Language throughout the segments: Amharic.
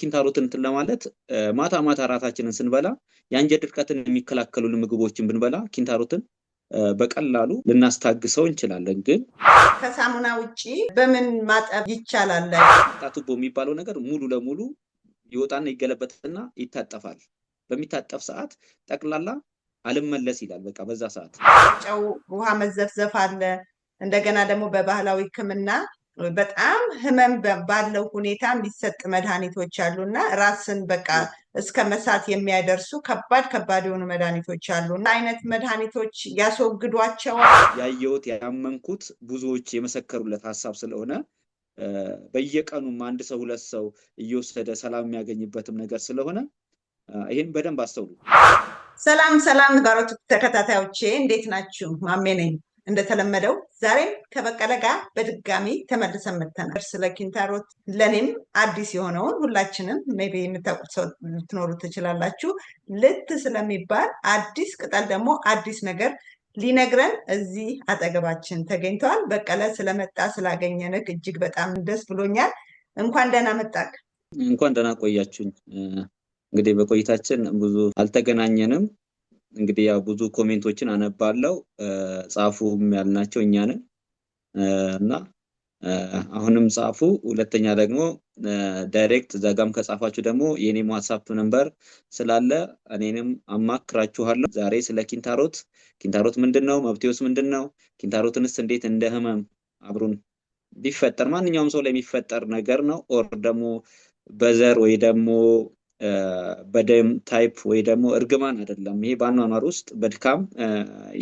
ኪንታሮትን እንትን ለማለት ማታ ማታ ራታችንን ስንበላ የአንጀት ድርቀትን የሚከላከሉ ምግቦችን ብንበላ ኪንታሮትን በቀላሉ ልናስታግሰው እንችላለን። ግን ከሳሙና ውጭ በምን ማጠብ ይቻላል? ቱቦ የሚባለው ነገር ሙሉ ለሙሉ ይወጣና ይገለበትና ይታጠፋል። በሚታጠፍ ሰዓት ጠቅላላ አልመለስ ይላል። በቃ በዛ ሰዓት ጨው ውሃ መዘፍዘፍ አለ። እንደገና ደግሞ በባህላዊ ሕክምና በጣም ህመም ባለው ሁኔታ የሚሰጥ መድኃኒቶች አሉ እና ራስን በቃ እስከ መሳት የሚያደርሱ ከባድ ከባድ የሆኑ መድኃኒቶች አሉ እና አይነት መድኃኒቶች ያስወግዷቸዋል። ያየሁት ያመንኩት ብዙዎች የመሰከሩለት ሀሳብ ስለሆነ በየቀኑም አንድ ሰው ሁለት ሰው እየወሰደ ሰላም የሚያገኝበትም ነገር ስለሆነ ይህን በደንብ አስተውሉ። ሰላም ሰላም ጋሮት ተከታታዮቼ እንዴት ናችሁ? ማሜ ነኝ። እንደተለመደው ዛሬም ከበቀለ ጋር በድጋሚ ተመልሰን መጥተናል። ስለ ኪንታሮት ለእኔም አዲስ የሆነውን ሁላችንም ሜይ ቢ የምታውቁት ሰው ልትኖሩ ትችላላችሁ። ልት ስለሚባል አዲስ ቅጠል ደግሞ አዲስ ነገር ሊነግረን እዚህ አጠገባችን ተገኝተዋል። በቀለ ስለመጣ ስላገኘንክ እጅግ በጣም ደስ ብሎኛል። እንኳን ደህና መጣክ እንኳን ደህና ቆያችሁኝ። እንግዲህ በቆይታችን ብዙ አልተገናኘንም እንግዲህ ያው ብዙ ኮሜንቶችን አነባለው ጻፉም ያልናቸው እኛ ነን እና አሁንም ጻፉ። ሁለተኛ ደግሞ ዳይሬክት ዛጋም ከጻፋችሁ ደግሞ የኔም ዋትሳፕ ነምበር ስላለ እኔንም አማክራችኋለሁ። ዛሬ ስለ ኪንታሮት ኪንታሮት ምንድን ነው? ምንድነው? ምንድን ነው? ኪንታሮትንስ እንዴት እንደ ህመም አብሩን ቢፈጠር ማንኛውም ሰው ላይ የሚፈጠር ነገር ነው። ኦር ደግሞ በዘር ወይ ደግሞ በደም ታይፕ ወይ ደግሞ እርግማን አይደለም። ይሄ በአኗኗር ውስጥ በድካም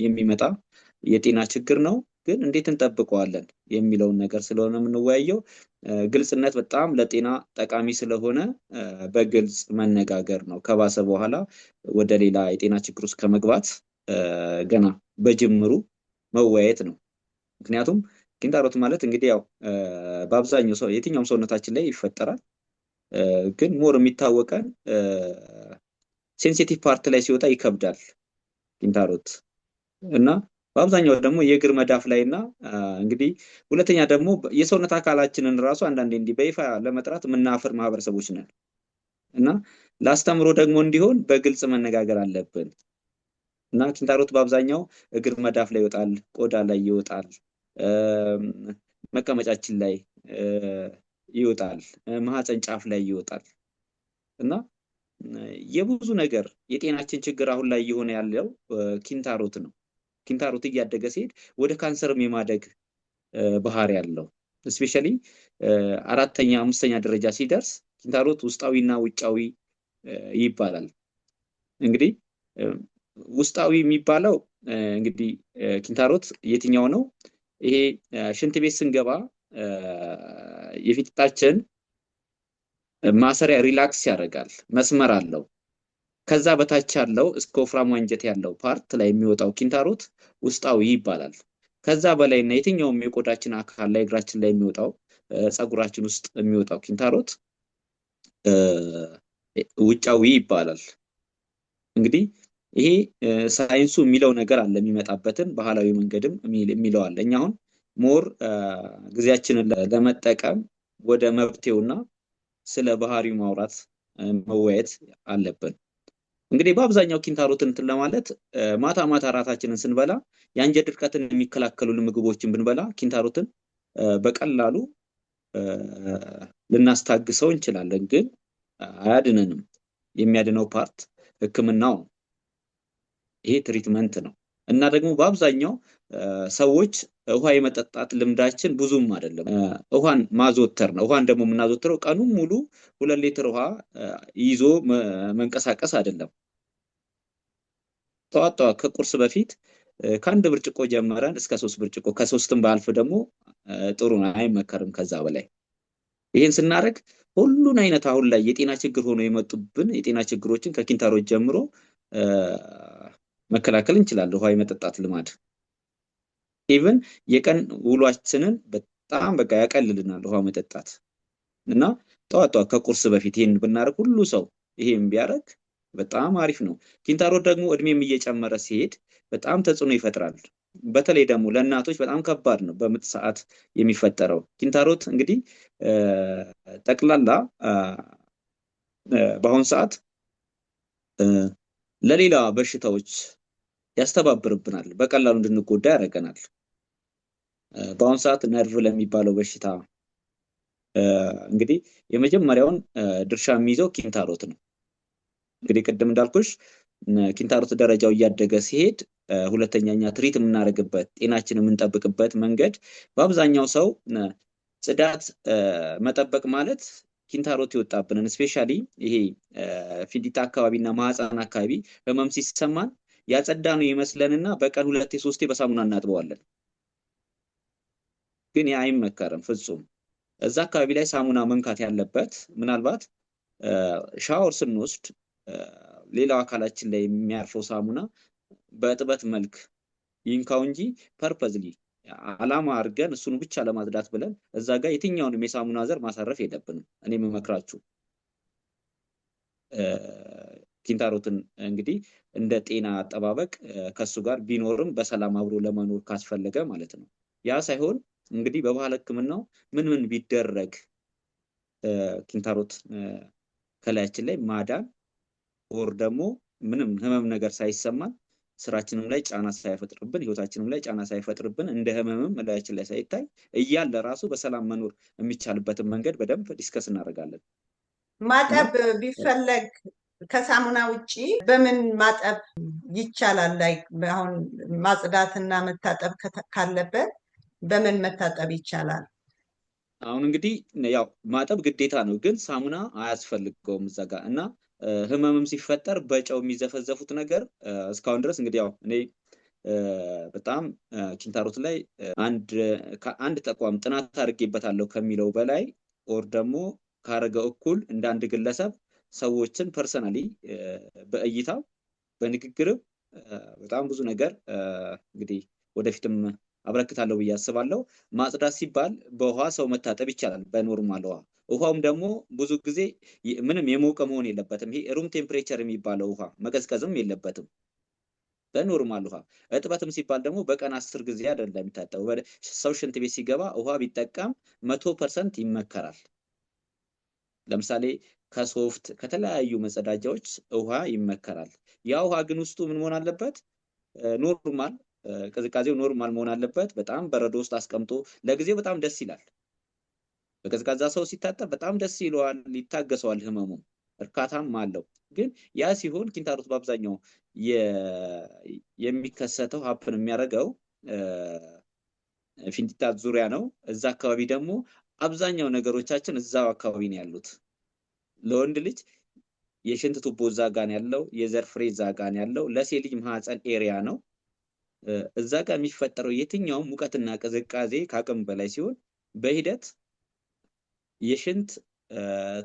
የሚመጣ የጤና ችግር ነው። ግን እንዴት እንጠብቀዋለን የሚለውን ነገር ስለሆነ የምንወያየው ግልጽነት በጣም ለጤና ጠቃሚ ስለሆነ በግልጽ መነጋገር ነው። ከባሰ በኋላ ወደ ሌላ የጤና ችግር ውስጥ ከመግባት ገና በጅምሩ መወያየት ነው። ምክንያቱም ኪንታሮት ማለት እንግዲህ ያው በአብዛኛው ሰው የትኛውም ሰውነታችን ላይ ይፈጠራል። ግን ሞር የሚታወቀን ሴንሲቲቭ ፓርት ላይ ሲወጣ ይከብዳል ኪንታሮት እና በአብዛኛው ደግሞ የእግር መዳፍ ላይ እና እንግዲህ ሁለተኛ ደግሞ የሰውነት አካላችንን ራሱ አንዳንዴ እንዲህ በይፋ ለመጥራት የምናፍር ማህበረሰቦች ነን እና ለአስተምሮ ደግሞ እንዲሆን በግልጽ መነጋገር አለብን እና ኪንታሮት በአብዛኛው እግር መዳፍ ላይ ይወጣል፣ ቆዳ ላይ ይወጣል፣ መቀመጫችን ላይ ይወጣል፣ ማህፀን ጫፍ ላይ ይወጣል እና የብዙ ነገር የጤናችን ችግር አሁን ላይ እየሆነ ያለው ኪንታሮት ነው። ኪንታሮት እያደገ ሲሄድ ወደ ካንሰርም የማደግ ባህሪ ያለው እስፔሻሊ አራተኛ አምስተኛ ደረጃ ሲደርስ ኪንታሮት ውስጣዊና ውጫዊ ይባላል። እንግዲህ ውስጣዊ የሚባለው እንግዲህ ኪንታሮት የትኛው ነው? ይሄ ሽንት ቤት ስንገባ የፊታችን ማሰሪያ ሪላክስ ያደርጋል፣ መስመር አለው። ከዛ በታች ያለው እስከ ወፍራም አንጀት ያለው ፓርት ላይ የሚወጣው ኪንታሮት ውስጣዊ ይባላል። ከዛ በላይ እና የትኛውም የቆዳችን አካል ላይ እግራችን ላይ የሚወጣው ፀጉራችን ውስጥ የሚወጣው ኪንታሮት ውጫዊ ይባላል። እንግዲህ ይሄ ሳይንሱ የሚለው ነገር አለ፣ የሚመጣበትን ባህላዊ መንገድም የሚለው አለ። እኛ አሁን ሞር ጊዜያችንን ለመጠቀም ወደ መብቴውና ስለ ባህሪ ማውራት መወያየት አለብን። እንግዲህ በአብዛኛው ኪንታሮትን እንትን ለማለት ማታ ማታ ራታችንን ስንበላ የአንጀት ድርቀትን የሚከላከሉልን ምግቦችን ብንበላ ኪንታሮትን በቀላሉ ልናስታግሰው እንችላለን፣ ግን አያድንንም። የሚያድነው ፓርት ህክምናው ይሄ ትሪትመንት ነው እና ደግሞ በአብዛኛው ሰዎች ውሃ የመጠጣት ልምዳችን ብዙም አይደለም። ውሃን ማዘወተር ነው። ውሃን ደግሞ የምናዘወትረው ቀኑን ሙሉ ሁለት ሊትር ውሃ ይዞ መንቀሳቀስ አይደለም። ጠዋት ጠዋት ከቁርስ በፊት ከአንድ ብርጭቆ ጀመረን እስከ ሶስት ብርጭቆ ከሶስትም ባልፍ ደግሞ ጥሩ ነው፣ አይመከርም ከዛ በላይ። ይህን ስናደርግ ሁሉን አይነት አሁን ላይ የጤና ችግር ሆኖ የመጡብን የጤና ችግሮችን ከኪንታሮች ጀምሮ መከላከል እንችላለን። ውሃ የመጠጣት ልማድ ኢቨን የቀን ውሏችንን በጣም በቃ ያቀልልናል ውሃ መጠጣት እና ጠዋት ጠዋት ከቁርስ በፊት ይህን ብናደርግ ሁሉ ሰው ይሄን ቢያደርግ በጣም አሪፍ ነው። ኪንታሮት ደግሞ እድሜም እየጨመረ ሲሄድ በጣም ተጽዕኖ ይፈጥራል። በተለይ ደግሞ ለእናቶች በጣም ከባድ ነው በምጥ ሰዓት የሚፈጠረው ኪንታሮት። እንግዲህ ጠቅላላ በአሁኑ ሰዓት ለሌላ በሽታዎች ያስተባብርብናል፣ በቀላሉ እንድንጎዳ ያደርገናል። በአሁኑ ሰዓት ነርቭ ለሚባለው በሽታ እንግዲህ የመጀመሪያውን ድርሻ የሚይዘው ኪንታሮት ነው። እንግዲህ ቅድም እንዳልኩሽ ኪንታሮት ደረጃው እያደገ ሲሄድ ሁለተኛኛ ትሪት የምናደርግበት ጤናችን የምንጠብቅበት መንገድ በአብዛኛው ሰው ጽዳት መጠበቅ ማለት ኪንታሮት ይወጣብንን እስፔሻሊ ይሄ ፊንጢጣ አካባቢና ማህፀን አካባቢ ህመም ሲሰማን ያጸዳ ነው ይመስለንና በቀን ሁለቴ ሶስቴ በሳሙና እናጥበዋለን። ግን ያ አይመከርም ፍጹም። እዛ አካባቢ ላይ ሳሙና መንካት ያለበት ምናልባት ሻወር ስንወስድ ሌላው አካላችን ላይ የሚያርፈው ሳሙና በእጥበት መልክ ይንካው እንጂ ፐርፐዝሊ አላማ አድርገን እሱን ብቻ ለማጽዳት ብለን እዛ ጋር የትኛውንም የሳሙና ዘር ማሳረፍ የለብንም። እኔ የምመክራችሁ ኪንታሮትን እንግዲህ እንደ ጤና አጠባበቅ ከሱ ጋር ቢኖርም በሰላም አብሮ ለመኖር ካስፈለገ ማለት ነው። ያ ሳይሆን እንግዲህ በባህል ሕክምናው ምን ምን ቢደረግ ኪንታሮት ከላያችን ላይ ማዳን ወር ደግሞ ምንም ህመም ነገር ሳይሰማን ስራችንም ላይ ጫና ሳይፈጥርብን ህይወታችንም ላይ ጫና ሳይፈጥርብን እንደ ህመምም እላያችን ላይ ሳይታይ እያለ ራሱ በሰላም መኖር የሚቻልበትን መንገድ በደንብ ዲስከስ እናደርጋለን። ማጠብ ቢፈለግ ከሳሙና ውጭ በምን ማጠብ ይቻላል? ላይ አሁን ማጽዳትና መታጠብ ካለበት በምን መታጠብ ይቻላል? አሁን እንግዲህ ያው ማጠብ ግዴታ ነው፣ ግን ሳሙና አያስፈልገውም እዛ ጋር እና ህመምም ሲፈጠር በጨው የሚዘፈዘፉት ነገር እስካሁን ድረስ እንግዲህ ያው እኔ በጣም ኪንታሮት ላይ አንድ ተቋም ጥናት አድርጌበታለሁ ከሚለው በላይ ኦር ደግሞ ካረገ እኩል እንደ አንድ ግለሰብ ሰዎችን ፐርሰናሊ በእይታው በንግግርም በጣም ብዙ ነገር እንግዲህ ወደፊትም አበረክታለሁ ብዬ አስባለሁ። ማጽዳት ሲባል በውሃ ሰው መታጠብ ይቻላል፣ በኖርማል ውሃ። ውሃውም ደግሞ ብዙ ጊዜ ምንም የሞቀ መሆን የለበትም። ይሄ ሩም ቴምፕሬቸር የሚባለው ውሃ መቀዝቀዝም የለበትም። በኖርማል ውሃ። እጥበትም ሲባል ደግሞ በቀን አስር ጊዜ አይደለም የሚታጠበው። ሰው ሽንት ቤት ሲገባ ውሃ ቢጠቀም መቶ ፐርሰንት ይመከራል። ለምሳሌ ከሶፍት ከተለያዩ መጸዳጃዎች ውሃ ይመከራል። ያ ውሃ ግን ውስጡ ምን መሆን አለበት? ኖርማል ቅዝቃዜው ኖርማል መሆን አለበት። በጣም በረዶ ውስጥ አስቀምጦ ለጊዜው በጣም ደስ ይላል። በቀዝቃዛ ሰው ሲታጠብ በጣም ደስ ይለዋል፣ ይታገሰዋል፣ ህመሙ እርካታም አለው። ግን ያ ሲሆን ኪንታሮት በአብዛኛው የሚከሰተው ሀፕን የሚያደርገው ፊንጢጣ ዙሪያ ነው። እዛ አካባቢ ደግሞ አብዛኛው ነገሮቻችን እዛው አካባቢ ነው ያሉት። ለወንድ ልጅ የሽንት ቱቦ እዛ ጋን ያለው የዘር ፍሬ እዛ ጋን ያለው ለሴት ልጅ ማህፀን ኤሪያ ነው። እዛ ጋር የሚፈጠረው የትኛውም ሙቀትና ቅዝቃዜ ከአቅም በላይ ሲሆን በሂደት የሽንት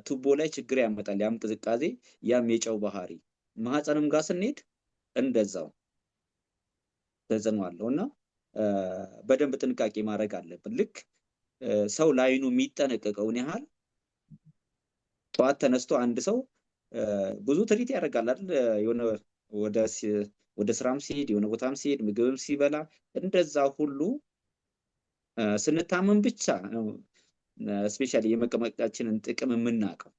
ቱቦ ላይ ችግር ያመጣል። ያም ቅዝቃዜ፣ ያም የጨው ባህሪ። ማህፀንም ጋር ስንሄድ እንደዛው ተጽዕኖ አለው እና በደንብ ጥንቃቄ ማድረግ አለብን። ልክ ሰው ለአይኑ የሚጠነቀቀውን ያህል ጠዋት ተነስቶ አንድ ሰው ብዙ ትሪት ያደርጋል አይደል? የሆነ ወደ ወደ ስራም ሲሄድ የሆነ ቦታም ሲሄድ ምግብም ሲበላ እንደዛ ሁሉ ስንታመም ብቻ ነው ስፔሻሊ የመቀመጫችንን ጥቅም የምናውቀው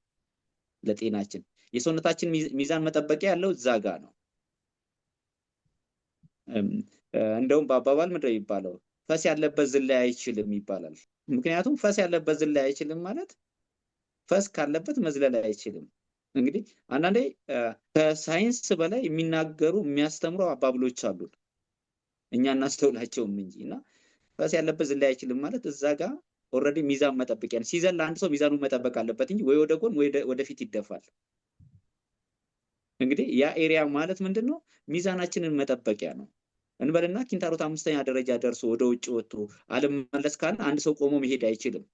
ለጤናችን። የሰውነታችን ሚዛን መጠበቂያ ያለው እዛ ጋ ነው። እንደውም በአባባል ምንድን ነው የሚባለው? ፈስ ያለበት ዝላይ አይችልም ይባላል። ምክንያቱም ፈስ ያለበት ዝላይ አይችልም ማለት ፈስ ካለበት መዝለል አይችልም። እንግዲህ አንዳንዴ ከሳይንስ በላይ የሚናገሩ የሚያስተምሩ አባብሎች አሉ። እኛ እናስተውላቸውም እንጂ እና ራስ ያለበት ዝላይ አይችልም ማለት እዛ ጋር ኦልሬዲ ሚዛን መጠበቂያ ነው። ሲዘን ለአንድ ሰው ሚዛኑን መጠበቅ አለበት እንጂ ወይ ወደ ጎን ወይ ወደፊት ይደፋል። እንግዲህ ያ ኤሪያ ማለት ምንድን ነው? ሚዛናችንን መጠበቂያ ነው እንበልና ኪንታሮት አምስተኛ ደረጃ ደርሶ ወደ ውጭ ወጥቶ አልመለስ ካለ አንድ ሰው ቆሞ መሄድ አይችልም።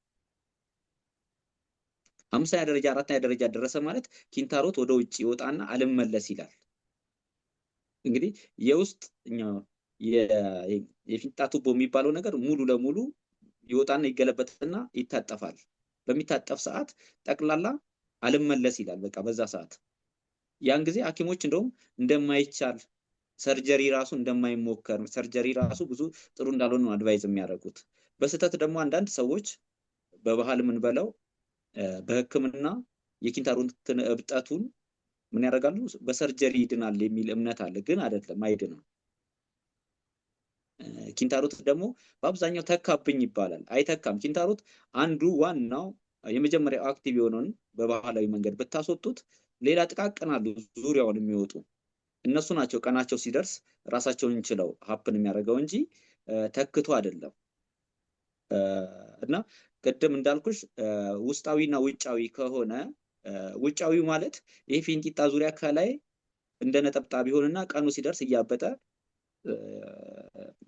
አምስተኛ ደረጃ አራተኛ ደረጃ ደረሰ ማለት ኪንታሮት ወደ ውጭ ይወጣና አልመለስ ይላል። እንግዲህ የውስጥ የፊንጣ ቱቦ የሚባለው ነገር ሙሉ ለሙሉ ይወጣና ይገለበትና ይታጠፋል። በሚታጠፍ ሰዓት ጠቅላላ አልመለስ ይላል። በቃ በዛ ሰዓት ያን ጊዜ ሐኪሞች እንደውም እንደማይቻል ሰርጀሪ ራሱ እንደማይሞከር ሰርጀሪ ራሱ ብዙ ጥሩ እንዳልሆነ አድቫይዝ የሚያደርጉት። በስህተት ደግሞ አንዳንድ ሰዎች በባህል ምን በለው በህክምና የኪንታሮትን እብጠቱን ምን ያደርጋሉ? በሰርጀሪ ይድናል የሚል እምነት አለ። ግን አይደለም አይድንም። ኪንታሮት ደግሞ በአብዛኛው ተካብኝ ይባላል። አይተካም። ኪንታሮት አንዱ ዋናው የመጀመሪያው አክቲቭ የሆነውን በባህላዊ መንገድ ብታስወጡት ሌላ ጥቃቅን አሉ ዙሪያውን የሚወጡ እነሱ ናቸው ቀናቸው ሲደርስ ራሳቸውን ችለው ሀፕን የሚያደርገው እንጂ ተክቶ አይደለም። እና ቅድም እንዳልኩሽ ውስጣዊና ውጫዊ ከሆነ ውጫዊ ማለት ይህ ፊንጢጣ ዙሪያ ከላይ እንደ ነጠብጣብ ቢሆንና ቀኑ ሲደርስ እያበጠ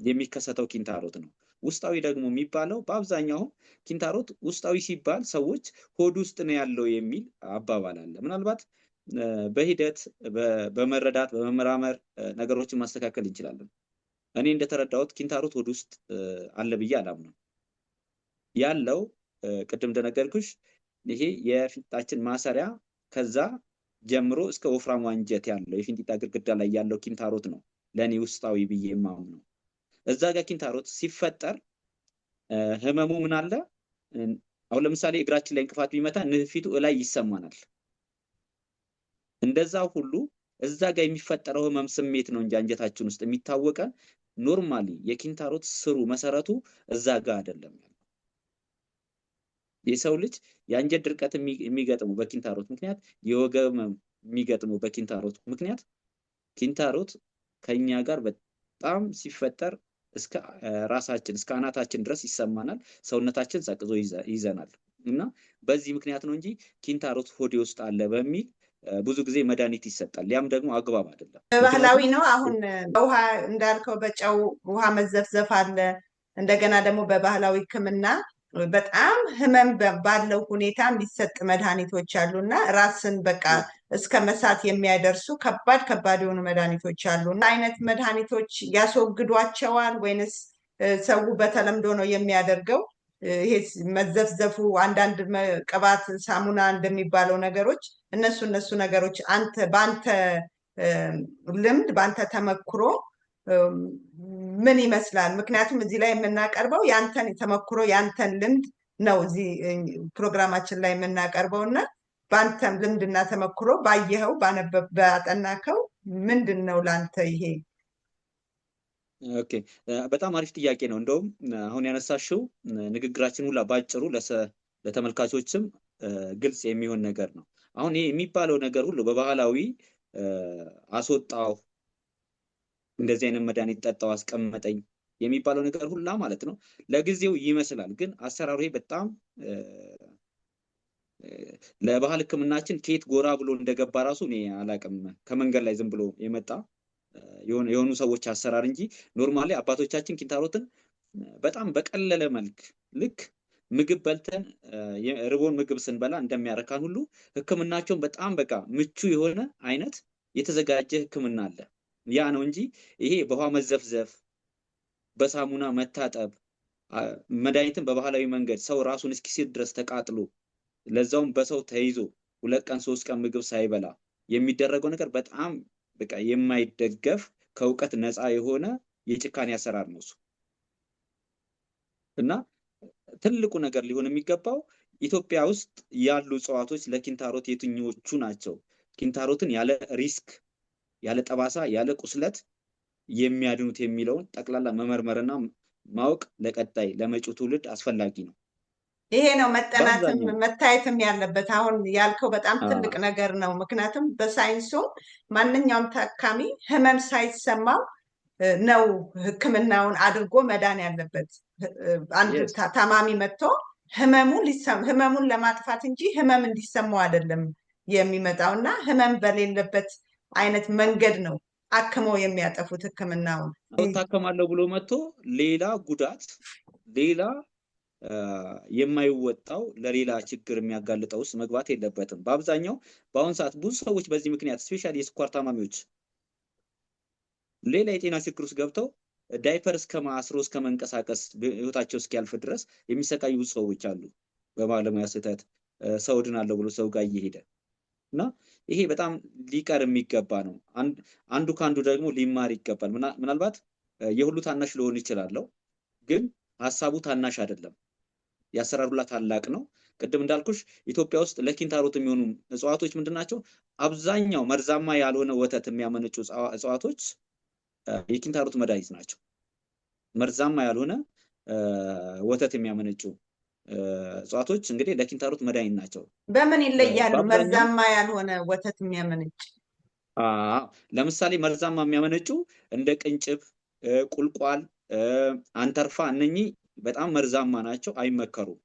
የሚከሰተው ኪንታሮት ነው። ውስጣዊ ደግሞ የሚባለው በአብዛኛው ኪንታሮት ውስጣዊ ሲባል ሰዎች ሆድ ውስጥ ነው ያለው የሚል አባባል አለ። ምናልባት በሂደት በመረዳት በመመራመር ነገሮችን ማስተካከል እንችላለን። እኔ እንደተረዳሁት ኪንታሮት ሆድ ውስጥ አለ ብዬ አላምነው። ያለው ቅድም እንደነገርኩሽ ይሄ የፊንጢጣችን ማሰሪያ ከዛ ጀምሮ እስከ ወፍራም አንጀት ያለው የፊንጢጣ ግድግዳ ላይ ያለው ኪንታሮት ነው ለእኔ ውስጣዊ ብዬ የማምነው ነው። እዛ ጋር ኪንታሮት ሲፈጠር ህመሙ ምን አለ? አሁን ለምሳሌ እግራችን ላይ እንቅፋት ቢመታ ንፊቱ እላይ ይሰማናል። እንደዛ ሁሉ እዛ ጋር የሚፈጠረው ህመም ስሜት ነው እንጂ አንጀታችን ውስጥ የሚታወቀን ኖርማሊ የኪንታሮት ስሩ መሰረቱ እዛ ጋር አይደለም። የሰው ልጅ የአንጀት ድርቀት የሚገጥሙ በኪንታሮት ምክንያት የወገብ የሚገጥሙ በኪንታሮት ምክንያት ኪንታሮት ከኛ ጋር በጣም ሲፈጠር እስከ ራሳችን እስከ አናታችን ድረስ ይሰማናል። ሰውነታችን ሰቅዞ ይዘናል። እና በዚህ ምክንያት ነው እንጂ ኪንታሮት ሆዴ ውስጥ አለ በሚል ብዙ ጊዜ መድኃኒት ይሰጣል። ያም ደግሞ አግባብ አይደለም፣ ባህላዊ ነው። አሁን በውሃ እንዳልከው በጨው ውሃ መዘፍዘፍ አለ። እንደገና ደግሞ በባህላዊ ሕክምና በጣም ህመም ባለው ሁኔታ የሚሰጥ መድኃኒቶች አሉ እና ራስን በቃ እስከ መሳት የሚያደርሱ ከባድ ከባድ የሆኑ መድኃኒቶች አሉ። አይነት መድኃኒቶች ያስወግዷቸዋል ወይንስ ሰው በተለምዶ ነው የሚያደርገው? ይሄ መዘፍዘፉ፣ አንዳንድ ቅባት፣ ሳሙና እንደሚባለው ነገሮች እነሱ እነሱ ነገሮች አንተ በአንተ ልምድ በአንተ ተመክሮ ምን ይመስላል? ምክንያቱም እዚህ ላይ የምናቀርበው ያንተን የተመክሮ ያንተን ልምድ ነው እዚህ ፕሮግራማችን ላይ የምናቀርበው እና በአንተም ልምድና ተመክሮ ባየኸው ባጠናከው ምንድን ነው ለአንተ ይሄ? ኦኬ በጣም አሪፍ ጥያቄ ነው። እንደውም አሁን ያነሳሽው ንግግራችን ሁላ ባጭሩ ለተመልካቾችም ግልጽ የሚሆን ነገር ነው። አሁን ይሄ የሚባለው ነገር ሁሉ በባህላዊ አስወጣው እንደዚህ አይነት መድኃኒት ጠጣው አስቀመጠኝ የሚባለው ነገር ሁላ ማለት ነው ለጊዜው ይመስላል፣ ግን አሰራሩ በጣም ለባህል ሕክምናችን ከየት ጎራ ብሎ እንደገባ ራሱ እኔ አላቅም። ከመንገድ ላይ ዝም ብሎ የመጣ የሆኑ ሰዎች አሰራር እንጂ ኖርማሊ አባቶቻችን ኪንታሮትን በጣም በቀለለ መልክ ልክ ምግብ በልተን ርቦን ምግብ ስንበላ እንደሚያረካን ሁሉ ሕክምናቸውን በጣም በቃ ምቹ የሆነ አይነት የተዘጋጀ ሕክምና አለ። ያ ነው እንጂ ይሄ በውሃ መዘፍዘፍ፣ በሳሙና መታጠብ፣ መድኃኒትን በባህላዊ መንገድ ሰው ራሱን እስኪስት ድረስ ተቃጥሎ ለዛውም በሰው ተይዞ ሁለት ቀን ሶስት ቀን ምግብ ሳይበላ የሚደረገው ነገር በጣም በቃ የማይደገፍ ከእውቀት ነፃ የሆነ የጭካኔ አሰራር ነው እሱ እና ትልቁ ነገር ሊሆን የሚገባው ኢትዮጵያ ውስጥ ያሉ እጽዋቶች ለኪንታሮት የትኞቹ ናቸው? ኪንታሮትን ያለ ሪስክ ያለ ጠባሳ፣ ያለ ቁስለት የሚያድኑት የሚለውን ጠቅላላ መመርመርና ማወቅ ለቀጣይ ለመጪው ትውልድ አስፈላጊ ነው። ይሄ ነው መጠናትም መታየትም ያለበት። አሁን ያልከው በጣም ትልቅ ነገር ነው። ምክንያቱም በሳይንሱ ማንኛውም ታካሚ ህመም ሳይሰማው ነው ህክምናውን አድርጎ መዳን ያለበት። አንድ ታማሚ መጥቶ ህመሙን ለማጥፋት እንጂ ህመም እንዲሰማው አይደለም የሚመጣው እና ህመም በሌለበት አይነት መንገድ ነው አክመው የሚያጠፉት ህክምናውን። ታከማለሁ ብሎ መጥቶ ሌላ ጉዳት ሌላ የማይወጣው ለሌላ ችግር የሚያጋልጠው ውስጥ መግባት የለበትም። በአብዛኛው በአሁኑ ሰዓት ብዙ ሰዎች በዚህ ምክንያት ስፔሻሊ የስኳር ታማሚዎች ሌላ የጤና ችግር ውስጥ ገብተው ዳይፐር እስከ ማስሮ እስከ መንቀሳቀስ ህይወታቸው እስኪያልፍ ድረስ የሚሰቃዩ ብዙ ሰዎች አሉ። በባለሙያ ስህተት ሰው ድናለሁ ብሎ ሰው ጋር እየሄደ እና ይሄ በጣም ሊቀር የሚገባ ነው። አንዱ ከአንዱ ደግሞ ሊማር ይገባል። ምናልባት የሁሉ ታናሽ ሊሆን ይችላለው ግን ሀሳቡ ታናሽ አይደለም። የአሰራር ታላቅ ነው። ቅድም እንዳልኩሽ ኢትዮጵያ ውስጥ ለኪንታሮት የሚሆኑ እጽዋቶች ምንድን ናቸው? አብዛኛው መርዛማ ያልሆነ ወተት የሚያመነጩ እጽዋቶች የኪንታሮት መድኃኒት ናቸው። መርዛማ ያልሆነ ወተት የሚያመነጩ እጽዋቶች እንግዲህ ለኪንታሮት መድኃኒት ናቸው። በምን ይለያሉ? መርዛማ ያልሆነ ወተት የሚያመነጭ ለምሳሌ መርዛማ የሚያመነጩ እንደ ቅንጭብ፣ ቁልቋል፣ አንተርፋ እነኚህ በጣም መርዛማ ናቸው፣ አይመከሩም።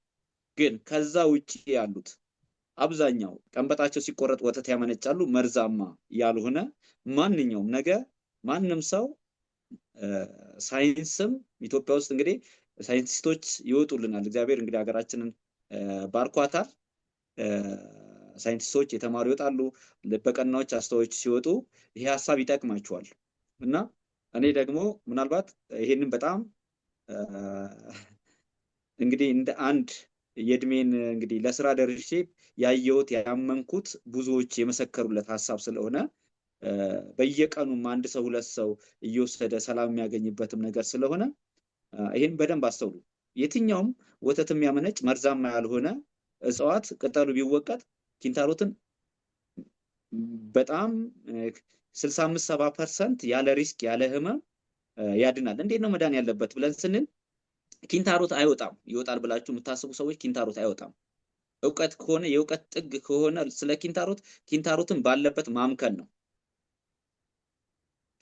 ግን ከዛ ውጭ ያሉት አብዛኛው ቀንበጣቸው ሲቆረጥ ወተት ያመነጫሉ። መርዛማ ያልሆነ ማንኛውም ነገር ማንም ሰው ሳይንስም ኢትዮጵያ ውስጥ እንግዲህ ሳይንቲስቶች ይወጡልናል። እግዚአብሔር እንግዲህ ሀገራችንን ባርኳታል። ሳይንቲስቶች የተማሩ ይወጣሉ። በቀናዎች አስተዋዮች ሲወጡ ይሄ ሀሳብ ይጠቅማቸዋል እና እኔ ደግሞ ምናልባት ይሄንን በጣም እንግዲህ እንደ አንድ የእድሜን እንግዲህ ለስራ ደርሼ ያየሁት ያመንኩት ብዙዎች የመሰከሩለት ሀሳብ ስለሆነ በየቀኑም አንድ ሰው ሁለት ሰው እየወሰደ ሰላም የሚያገኝበትም ነገር ስለሆነ ይህም በደንብ አስተውሉ። የትኛውም ወተት የሚያመነጭ መርዛማ ያልሆነ እጽዋት ቅጠሉ ቢወቀጥ ኪንታሮትን በጣም ስልሳ አምስት ሰባ ፐርሰንት ያለ ሪስክ ያለ ህመም ያድናል። እንዴት ነው መዳን ያለበት ብለን ስንል ኪንታሮት አይወጣም። ይወጣል ብላችሁ የምታስቡ ሰዎች ኪንታሮት አይወጣም። እውቀት ከሆነ የእውቀት ጥግ ከሆነ ስለ ኪንታሮት ኪንታሮትን ባለበት ማምከን ነው።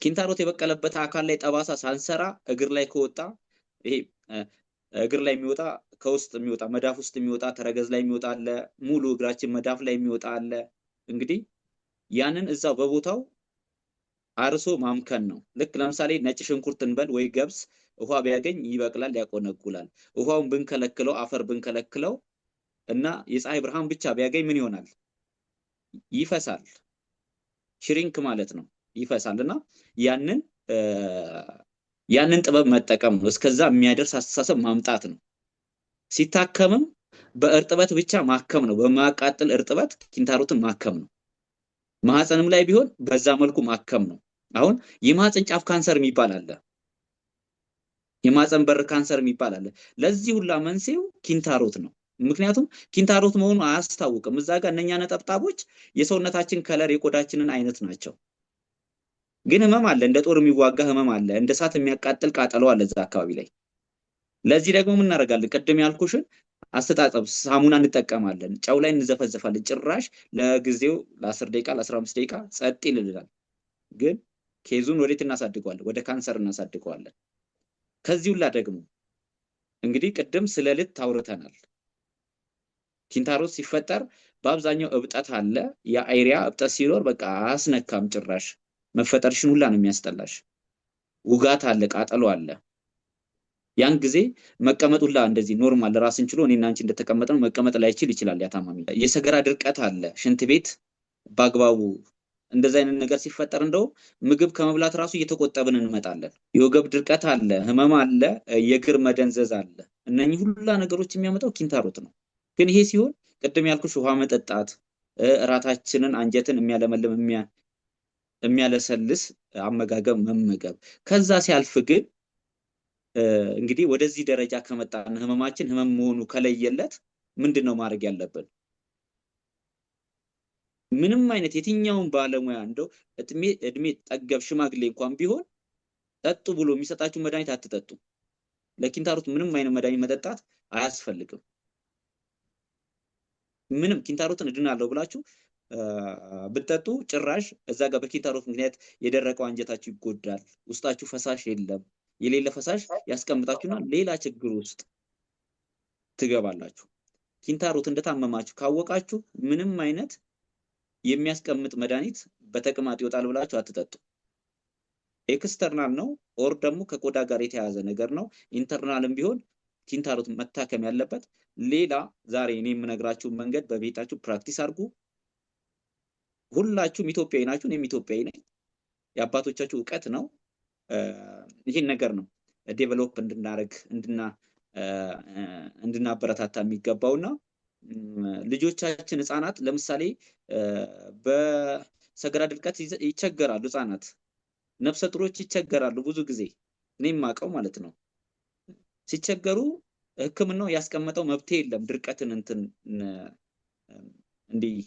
ኪንታሮት የበቀለበት አካል ላይ ጠባሳ ሳንሰራ እግር ላይ ከወጣ ይሄ እግር ላይ የሚወጣ ከውስጥ የሚወጣ መዳፍ ውስጥ የሚወጣ ተረገዝ ላይ የሚወጣ አለ። ሙሉ እግራችን መዳፍ ላይ የሚወጣ አለ። እንግዲህ ያንን እዛው በቦታው አርሶ ማምከን ነው። ልክ ለምሳሌ ነጭ ሽንኩርት እንበል ወይ ገብስ ውሃ ቢያገኝ ይበቅላል፣ ያቆነጉላል። ውሃውን ብንከለክለው፣ አፈር ብንከለክለው እና የፀሐይ ብርሃን ብቻ ቢያገኝ ምን ይሆናል? ይፈሳል። ሽሪንክ ማለት ነው ይፈሳል እና ያንን ያንን ጥበብ መጠቀም ነው። እስከዛ የሚያደርስ አስተሳሰብ ማምጣት ነው። ሲታከምም በእርጥበት ብቻ ማከም ነው። በማቃጥል እርጥበት ኪንታሮትን ማከም ነው። ማህፀንም ላይ ቢሆን በዛ መልኩ ማከም ነው። አሁን የማህፀን ጫፍ ካንሰር የሚባል አለ። የማህፀን በር ካንሰር የሚባል አለ። ለዚህ ሁላ መንስኤው ኪንታሮት ነው። ምክንያቱም ኪንታሮት መሆኑ አያስታውቅም። እዛ ጋር እነኛ ነጠብጣቦች የሰውነታችን ከለር የቆዳችንን አይነት ናቸው። ግን ህመም አለ፣ እንደ ጦር የሚዋጋ ህመም አለ፣ እንደ እሳት የሚያቃጥል ቃጠሎ አለ እዛ አካባቢ ላይ። ለዚህ ደግሞ ምን እናደርጋለን? ቅድም ያልኩሽን አስተጣጠብ ሳሙና እንጠቀማለን፣ ጨው ላይ እንዘፈዘፋለን። ጭራሽ ለጊዜው ለአስር ደቂቃ ለአስራ አምስት ደቂቃ ጸጥ ይልልናል። ግን ኬዙን ወዴት እናሳድገዋለን? ወደ ካንሰር እናሳድገዋለን። ከዚህ ሁላ ደግሞ እንግዲህ ቅድም ስለ ልት ታውርተናል። ኪንታሮት ሲፈጠር በአብዛኛው እብጠት አለ። የአይሪያ እብጠት ሲኖር በቃ አስነካም ጭራሽ መፈጠርሽን ሁላ ነው የሚያስጠላሽ። ውጋት አለ፣ ቃጠሎ አለ። ያን ጊዜ መቀመጥ ሁላ እንደዚህ ኖርማል ራስን ችሎ እኔና አንቺ እንደተቀመጠ ነው መቀመጥ ላይችል ይችላል ያታማሚ። የሰገራ ድርቀት አለ፣ ሽንት ቤት በአግባቡ እንደዚህ አይነት ነገር ሲፈጠር እንደው ምግብ ከመብላት ራሱ እየተቆጠብን እንመጣለን። የወገብ ድርቀት አለ፣ ህመም አለ፣ የእግር መደንዘዝ አለ። እነኚህ ሁላ ነገሮች የሚያመጣው ኪንታሮት ነው። ግን ይሄ ሲሆን ቅድም ያልኩሽ ውሃ መጠጣት እራታችንን አንጀትን የሚያለመልም የሚያለሰልስ አመጋገብ መመገብ። ከዛ ሲያልፍ ግን እንግዲህ ወደዚህ ደረጃ ከመጣን ህመማችን ህመም መሆኑ ከለየለት ምንድን ነው ማድረግ ያለብን? ምንም አይነት የትኛውን ባለሙያ እንደው እድሜ ጠገብ ሽማግሌ እንኳን ቢሆን ጠጡ ብሎ የሚሰጣችሁ መድኃኒት አትጠጡ። ለኪንታሮት ምንም አይነት መድኃኒት መጠጣት አያስፈልግም። ምንም ኪንታሮትን እድናለሁ ብላችሁ ብትጠጡ ጭራሽ እዛ ጋር በኪንታሮት ምክንያት የደረቀው አንጀታችሁ ይጎዳል። ውስጣችሁ ፈሳሽ የለም። የሌለ ፈሳሽ ያስቀምጣችሁና ሌላ ችግር ውስጥ ትገባላችሁ። ኪንታሮት እንደታመማችሁ ካወቃችሁ ምንም አይነት የሚያስቀምጥ መድኃኒት በተቅማጥ ይወጣል ብላችሁ አትጠጡ። ኤክስተርናል ነው ኦር ደግሞ ከቆዳ ጋር የተያያዘ ነገር ነው። ኢንተርናልም ቢሆን ኪንታሮት መታከም ያለበት ሌላ ዛሬ እኔ የምነግራችሁን መንገድ በቤታችሁ ፕራክቲስ አድርጉ። ሁላችሁም ኢትዮጵያዊ ናችሁ። እኔም ኢትዮጵያዊ ነኝ። የአባቶቻችሁ እውቀት ነው። ይህን ነገር ነው ዴቨሎፕ እንድናደርግ እንድናበረታታ የሚገባውና ልጆቻችን ህፃናት ለምሳሌ በሰገራ ድርቀት ይቸገራሉ። ህፃናት ነፍሰ ጥሮች ይቸገራሉ። ብዙ ጊዜ እኔም የማውቀው ማለት ነው። ሲቸገሩ ሕክምናው ያስቀመጠው መብት የለም ድርቀትን እንትን እንዲህ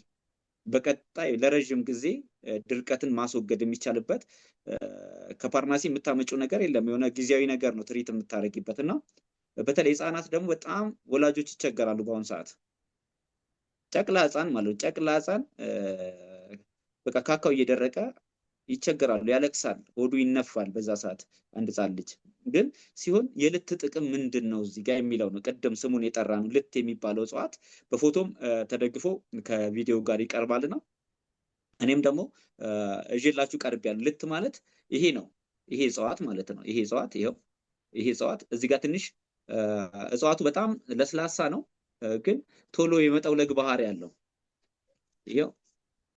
በቀጣይ ለረዥም ጊዜ ድርቀትን ማስወገድ የሚቻልበት ከፋርማሲ የምታመጩ ነገር የለም። የሆነ ጊዜያዊ ነገር ነው ትሪት የምታደረግበት እና በተለይ ህፃናት ደግሞ በጣም ወላጆች ይቸገራሉ። በአሁኑ ሰዓት ጨቅላ ህፃን ማለት ነው። ጨቅላ ህፃን በቃ ካካው እየደረቀ ይቸገራሉ፣ ያለቅሳል፣ ሆዱ ይነፋል። በዛ ሰዓት አንድ ህፃን ልጅ ግን ሲሆን የልት ጥቅም ምንድን ነው እዚህ ጋር የሚለው ነው። ቅድም ስሙን የጠራ ነው ልት የሚባለው እጽዋት በፎቶም ተደግፎ ከቪዲዮ ጋር ይቀርባልና እኔም ደግሞ እዤላችሁ ቀርብ ልት ማለት ይሄ ነው። ይሄ እጽዋት ማለት ነው። ይሄ እጽዋት ይኸው፣ ይሄ እጽዋት እዚህ ጋር ትንሽ እጽዋቱ በጣም ለስላሳ ነው፣ ግን ቶሎ የመጠውለግ ባህሪ ያለው ይኸው